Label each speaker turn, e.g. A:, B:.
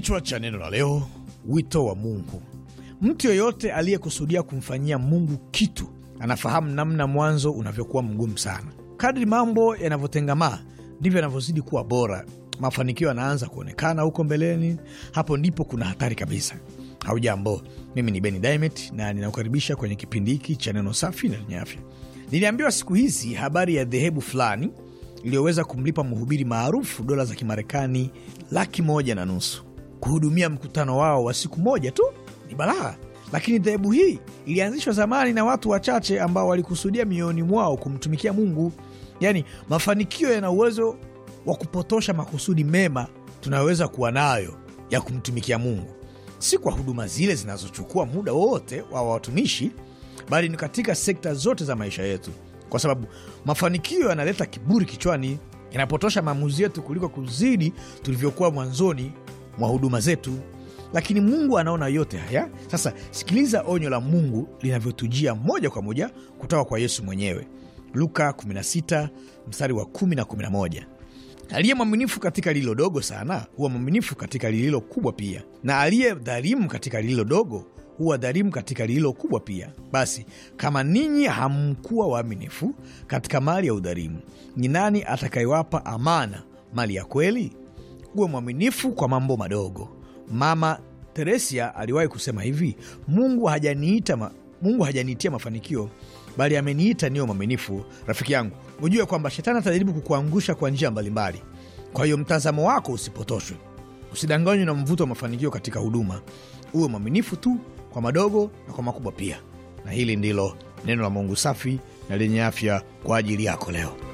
A: Kichwa cha neno la leo: wito wa Mungu. Mtu yoyote aliyekusudia kumfanyia Mungu kitu anafahamu namna mwanzo unavyokuwa mgumu sana. Kadri mambo yanavyotengamaa, ndivyo yanavyozidi kuwa bora, mafanikio yanaanza kuonekana huko mbeleni. Hapo ndipo kuna hatari kabisa. Haujambo, mimi ni Beni Dimet na ninakukaribisha kwenye kipindi hiki cha neno safi na lenye afya. Niliambiwa siku hizi habari ya dhehebu fulani iliyoweza kumlipa mhubiri maarufu dola za Kimarekani laki moja na nusu kuhudumia mkutano wao wa siku moja tu ni balaa. Lakini dhehebu hii ilianzishwa zamani na watu wachache ambao walikusudia mioyoni mwao kumtumikia Mungu. Yaani, mafanikio yana uwezo wa kupotosha makusudi mema tunayoweza kuwa nayo ya kumtumikia Mungu, si kwa huduma zile zinazochukua muda wote wa watumishi, bali ni katika sekta zote za maisha yetu, kwa sababu mafanikio yanaleta kiburi kichwani, yanapotosha maamuzi yetu kuliko kuzidi tulivyokuwa mwanzoni mwa huduma zetu, lakini Mungu anaona yote haya. Sasa sikiliza onyo la Mungu linavyotujia moja kwa moja kutoka kwa Yesu mwenyewe, Luka 16 mstari wa 10 na 11. Aliye mwaminifu katika lililo dogo sana huwa mwaminifu katika lililo kubwa pia, na aliye dhalimu katika lililo dogo huwa dhalimu katika lililo kubwa pia. Basi kama ninyi hamkuwa waaminifu katika mali ya udhalimu, ni nani atakayewapa amana mali ya kweli? uwe mwaminifu kwa mambo madogo. Mama Teresia aliwahi kusema hivi, Mungu hajaniita ma, Mungu hajaniitia mafanikio bali ameniita niyo mwaminifu. Rafiki yangu, ujue kwamba shetani atajaribu kukuangusha kwa njia mbalimbali. Kwa hiyo mtazamo wako usipotoshwe, usidanganywe na mvuto wa mafanikio katika huduma. Uwe mwaminifu tu kwa madogo na kwa makubwa pia. Na hili ndilo neno la Mungu safi na lenye afya kwa ajili yako leo.